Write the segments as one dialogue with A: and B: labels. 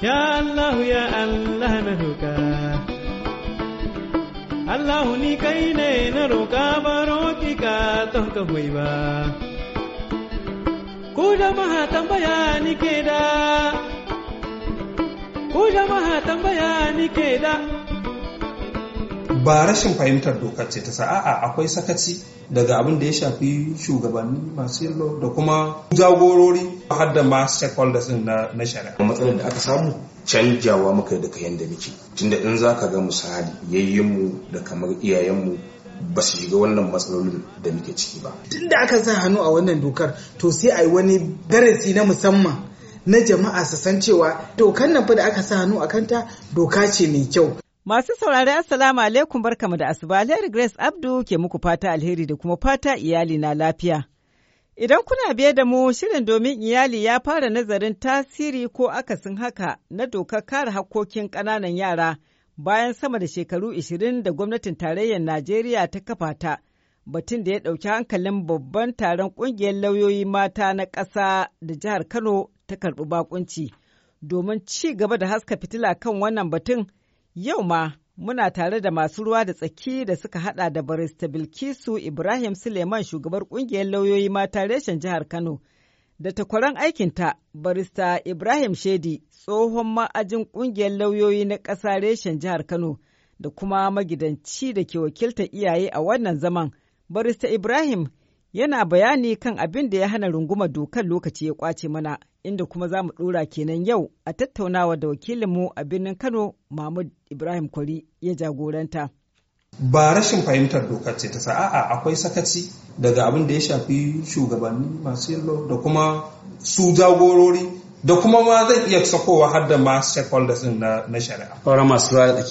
A: Ya Allah ya Allah na roƙa Allah ni kai ne na roƙa baro ki ka ton ka hoyi ba
B: Ku jama'a tambaya ni ke da Ku jama'a tambaya ni ke da
A: ba rashin fahimtar dokar ce ta sa'a akwai sakaci daga abin da ya shafi shugabanni masu yallo da kuma
C: jagorori har da ma stakeholders na na shari'a matsalar da aka samu canjawa muka da kayan da muke tunda in za ka ga misali mu da kamar iyayenmu ba su shiga wannan matsalolin da muke ciki ba
D: Tun da aka sa hannu a wannan dokar to sai a yi wani darasi na musamman na jama'a su san cewa dokan nan fa da aka sa hannu a kanta doka ce mai kyau
B: Masu saurari Assalamu alaikum barkamu da asuba Alheri Grace Abdu ke muku fata alheri da kuma fata iyali na lafiya. Idan kuna biye da mu shirin domin iyali ya fara nazarin tasiri ko akasin haka na dokar kare hakkokin ƙananan yara bayan sama da shekaru 20 da gwamnatin tarayyar Najeriya ta kafa ta batun da ya ɗauki hankalin babban taron ƙungiyar lauyoyi mata na ƙasa da jihar Kano ta karɓi bakunci domin ci gaba da haska fitila kan wannan batun. Yau ma muna tare da masu ruwa da tsaki da suka hada da barista Bilkisu Ibrahim Suleiman shugabar kungiyar lauyoyi mata reshen jihar Kano da takwaran aikinta barista Ibrahim Shedi tsohon ma'ajin kungiyar lauyoyi na ƙasa reshen jihar Kano da kuma magidanci da ke wakilta iyaye a wannan zaman. Barista Ibrahim yana bayani kan abin da ya hana runguma dokar lokaci ya kwace mana inda kuma za mu ɗora kenan yau a tattaunawa da wakilinmu a birnin Kano Mahmud Ibrahim Kwari ya jagoranta.
A: Ba rashin fahimtar dokar ce ta sa'a akwai sakaci daga abin da ya shafi shugabanni masu yallo da kuma su jagorori da kuma ma zai iya sakowa har da ma stakeholders din na shari'a.
E: Kwara masu ruwa da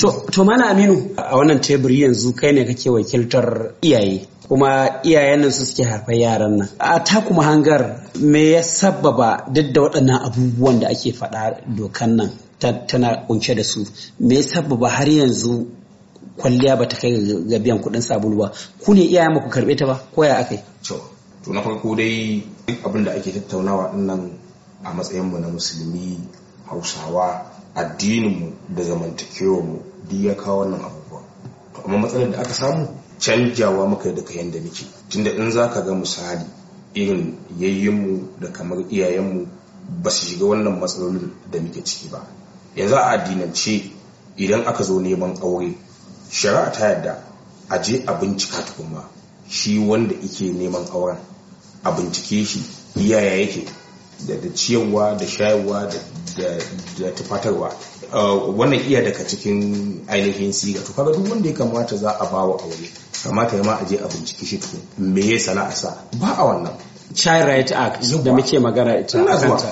E: To, to mana Aminu a wannan teburi yanzu kai ne kake wakiltar iyaye kuma iyayen nan su suke harfar yaran nan a ta kuma hangar me ya sababa duk da waɗannan abubuwan da ake faɗa dokan nan tana kunshe da su me ya sababa har yanzu kwalliya ba ta kai ga biyan kuɗin sabulu ba ku ne iyayen ku karɓe ta ba ko ya akai to
C: na farko dai abin da ake tattaunawa nan a matsayin mu na musulmi hausawa addinin mu da mu duk ya kawo wannan abubuwa to amma matsalar da aka samu canjawa muka daga yadda muke tunda in za ka ga misali irin yayyinmu da kamar iyayenmu ba su shiga wannan matsalolin da muke ciki ba yanzu a addinance idan aka zo neman aure shari'a ta yadda a je a bincika tukunma shi wanda ike neman auren a bincike shi iyaya yake da ciyarwa da shayarwa da tufatarwa uh, wannan iya daga cikin ainihin siga to kaga duk wanda ya kamata za a bawa aure kamata ya ma a je a binciki shi me ya sana'arsa ba a wannan
E: child right act da muke magana ita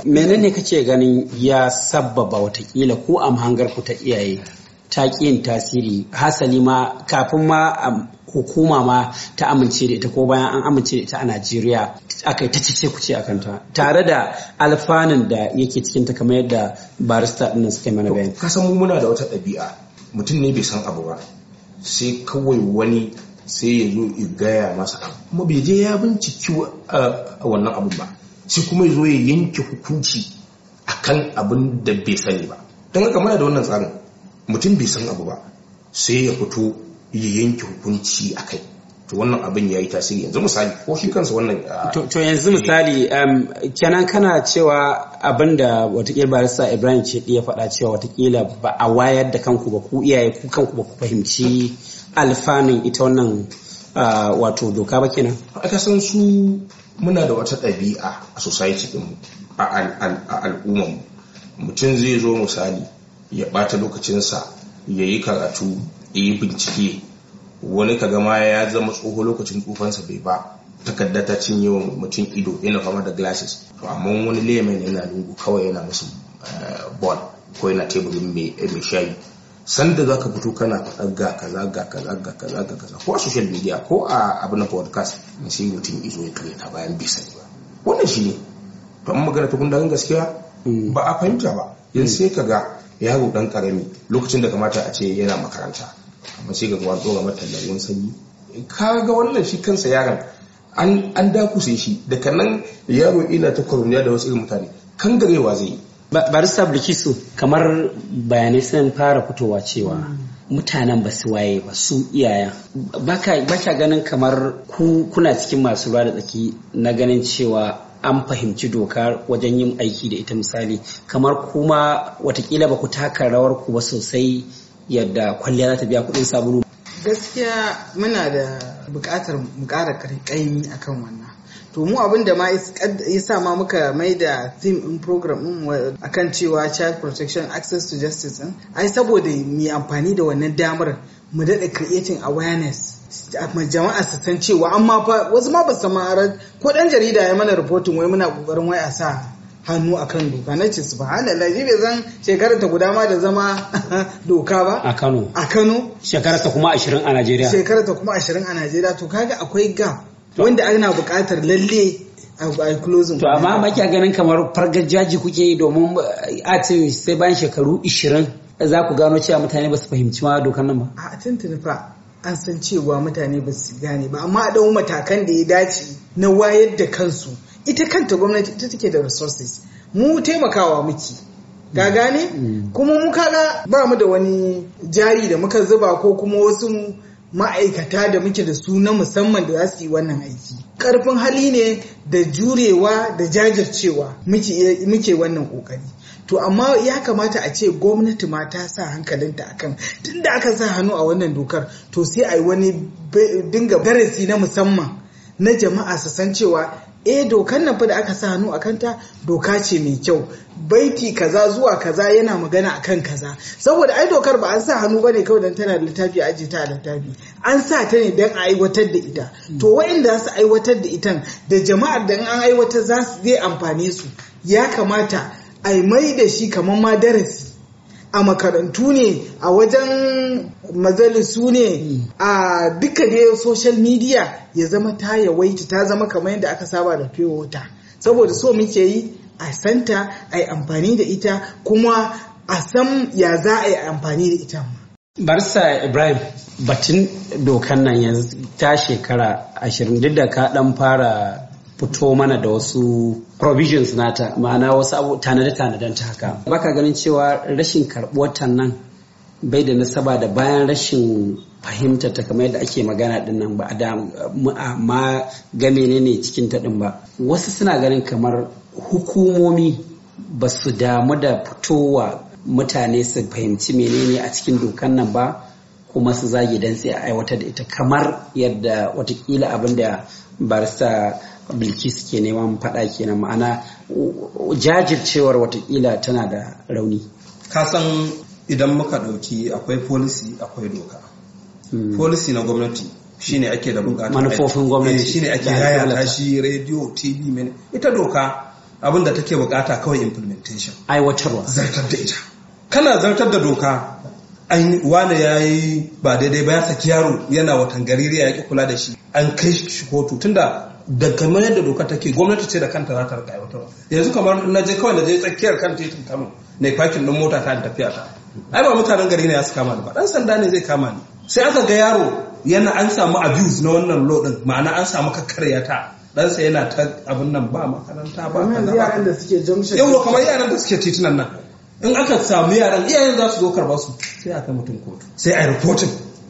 E: ne kake ganin ya sabbaba watakila ko amhangar ku ta iyaye ta yin tasiri hasali ma kafin ma um, hukuma ma ta amince da ita ko bayan an amince da ita a Najeriya aka yi ta ku ce a kanta tare da alfanun da yake cikin ta kamar yadda
C: barista ɗin suka mana bayani ka san muna da wata ɗabi'a mutum ne bai san abu ba sai kawai wani sai ya zo ya gaya masa kuma bai je ya binciki wannan abun ba shi kuma ya zo ya yanke hukunci a kan abin da bai sani ba don haka muna da wannan tsarin mutum bai san abu ba sai ya fito ya yanke hukunci a kai. to wannan abin ya yi tasiri yanzu misali ko shi kansa wannan to
E: yanzu misali um, kenan kana cewa abin da watakila barista ibrahim ce ya faɗa cewa watakila ba a wayar da kanku ba ku iyaye ku kanku ba ku fahimci
C: alfanun ita wannan ah, wato doka ba kenan A san su muna da wata ɗabi'a a society ɗin a al'ummar mutum zai zo misali ya ɓata lokacinsa ya yi karatu ya yi bincike wani kagama gama ya zama tsoho lokacin tsufansa bai ba takarda ta cinye wa mutum ido yana fama da glasses to amma wani lemon yana lungu kawai yana musu eh, ball ko yana teburin mai shayi sanda za ka fito kana faɗar ga kaza ga kaza ga kaza ga kaza ko a social media ko a abu na podcast sai mutum izo ya kare ta bayan bisa ba wannan shi ne to an magana ta gundarin gaskiya mm. ba a fahimta ba mm. yanzu sai ka ga yaro dan karami lokacin da kamata a ce yana makaranta amma sai ga wani tsoron matallar sanyi ka ga wannan shi kansa yaron an dakuse shi daga nan yaro ina ta kwarumiya da wasu irin mutane garewa zai yi barista bilkisu
E: kamar bayanai sun fara fitowa cewa mm. mutanen ba su waye ba su iyayen ba ka ganin kamar ku kuna cikin masu ruwa da tsaki na ganin cewa an fahimci doka wajen yin aiki da ita misali kamar kuma watakila ba ku taka rawar ku ba sosai yadda kwalliya za ta biya kuɗin sabulu
D: gaskiya muna da bukatar mu ƙara akan wannan to mu abin da ma ya sa ma muka mai da theme in program din akan cewa child protection access to justice din ai saboda mu amfani da wannan damar mu daɗa creating awareness jama'a su san cewa amma fa wasu ma ba su samara ko ɗan jarida ya mana reporting wai muna ƙoƙarin wai a sa hannu a kan doka na ce su subhanallah shi bai zan shekarar ta guda ma da zama doka ba
E: a Kano a Kano shekarar ta kuma ashirin a
B: Najeriya
D: shekarar ta kuma ashirin a Najeriya to kaga akwai gap wanda ana buƙatar lalle a closing to amma maki ganin kamar fargajaji kuke yi domin eh, a ce sai
E: bayan shekaru 20 za ku gano cewa mutane ba su fahimci ma dokar nan ba a tuntuni
D: fa an san cewa mutane ba su gane ba amma a ɗau matakan da ya dace na wayar da kansu ita kanta gwamnati ta take da resources mu taimakawa muke ka gane mm. kuma mu kaga ba mu da wani jari da muka zuba ko kuma wasu ma'aikata da muke da su na musamman da za su yi wannan aiki Karfin hali ne da jurewa da jajircewa muke wannan ƙoƙari to amma ya kamata a ce gwamnati ma ta sa hankalinta akan tunda aka sa hannu a wannan dokar to sai a yi wani dinga darasi na musamman na jama'a su san cewa eh dokan nan fa da aka sa hannu a kanta doka ce mai kyau baiti kaza zuwa kaza yana magana akan kaza saboda ai dokar ba an sa hannu bane kawai dan tana da littafi a ajiye ta a littafi an sa ta ne dan a aiwatar da ita hmm. to za su aiwatar da ita da jama'ar da an aiwatar za su zai amfane su ya kamata a mai da shi kamar ma darasi a makarantu ne a wajen majalisu ne a duka ne social media ya zama ta yawaita ta zama kamar yadda aka saba da fiye wuta saboda so muke yi a santa a yi amfani da ita kuma a san ya za a yi amfani da ita
E: barsa ibrahim batun dokan nan yanzu ta shekara ashirin duk da ka dan fara fito mana da wasu provisions ta ma'ana wasu abu tanade-tanaden ta haka baka ganin cewa rashin karɓuwar nan bai da nasaba da bayan rashin fahimtar ta kamar yadda ake magana din nan ba a ma game ne ne cikin ta din ba wasu suna ganin kamar hukumomi ba su damu da fitowa mutane su fahimci menene a cikin dokan nan ba kuma su zage dan sai a aiwatar da ita kamar yadda watakila abin da barista bilkis ke neman faɗa kenan ma'ana jajircewar watakila tana da rauni
A: kasan idan muka ɗauki akwai policy akwai doka hmm. policy na gwamnati shine ake da bukata manufofin gwamnati eh, shine ake yaya shi radio tv mene ita doka abinda take bukata kawai implementation aiwatarwa zartar da ita kana zartar da doka an wani ya yi ba daidai ba ya saki yaro yana watan gariri ya ki kula da shi an kai shi kotu tunda da kamar yadda doka take gwamnati ce da kanta za ta rika aiwatarwa yanzu kamar na je kawai na je tsakiyar kan titin Kano na fakin din mota ta tafiya ta ai ba mutanen gari ne ya su kama ni ba dan sanda ne zai kama ni sai aka ga yaro yana an samu abuse na wannan law din ma'ana an samu kakkarya ta sai yana ta abin nan ba makaranta
D: ba kamar yaran da suke jamshe yawa kamar yaran
A: da suke titunan nan in aka samu yaran iyayen za su zo karba su sai aka kai mutum kotu sai a yi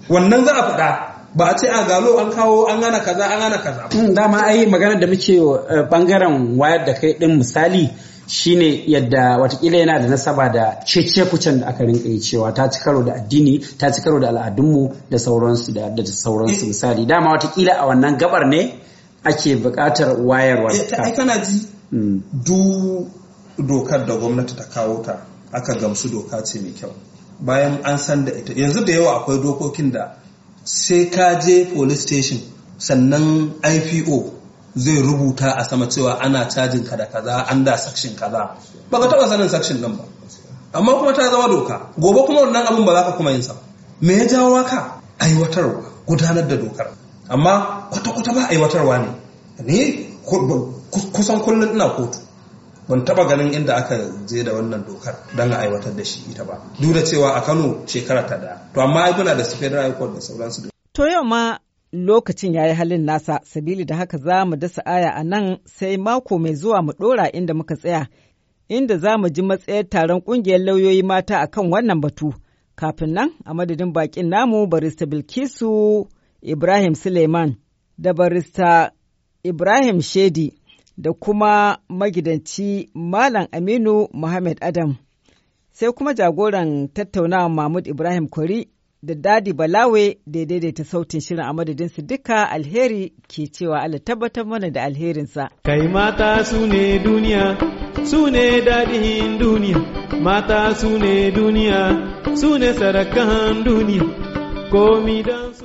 A: wannan za a faɗa ba a ce a ah, galo an kawo an gana kaza an gana kaza
E: hmm, dama ai magana da muke eh, bangaren wayar da kai din misali shine yadda watakila yana da nasaba da cece kucin da aka rinka yi cewa ta ci karo da addini ta ci karo da al'adunmu da sauransu da sauransu misali dama watakila a wannan gabar ne ake buƙatar wayarwa eh, ai kana
A: ji hmm. du dokar da gwamnati ta kawo ta aka gamsu doka ce mai kyau bayan an san da ita yanzu da yawa akwai dokokin da sai ka je police station sannan ipo zai rubuta a sama cewa ana cajin ka da kaza an da sakshin kaza ba ka taɓa sanin sakshin nan ba amma kuma ta zama doka gobe kuma wannan abin ba za ka kuma yin sa me ya jawo ka aiwatarwa gudanar da dokar amma kwata-kwata ba aiwatarwa ne ni kusan kullum ina kotu ban taba ganin inda aka je da wannan dokar don a aiwatar da shi ita ba duk da cewa a Kano shekara ta ɗaya, to amma ai kuna da su federal da sauransu
B: to yau ma lokacin ya yi halin nasa sabili da haka za mu dasa aya a nan sai mako mai zuwa mu ɗora inda muka tsaya inda za mu ji matsayar taron ƙungiyar lauyoyi mata a kan wannan batu kafin nan a madadin bakin namu barista bilkisu ibrahim suleiman da barista ibrahim shedi da kuma magidanci Malam Aminu Muhammad Adam, sai kuma jagoran tattaunawa Mahmud Ibrahim kori da Dadi Balawe da daidaita sautin shirin a madadinsu duka alheri ke cewa Allah tabbatar mana da alherinsa.
A: Kai mata su ne duniya, su ne dadihin duniya, mata
D: su ne duniya, su ne sarakan duniya, komi don su.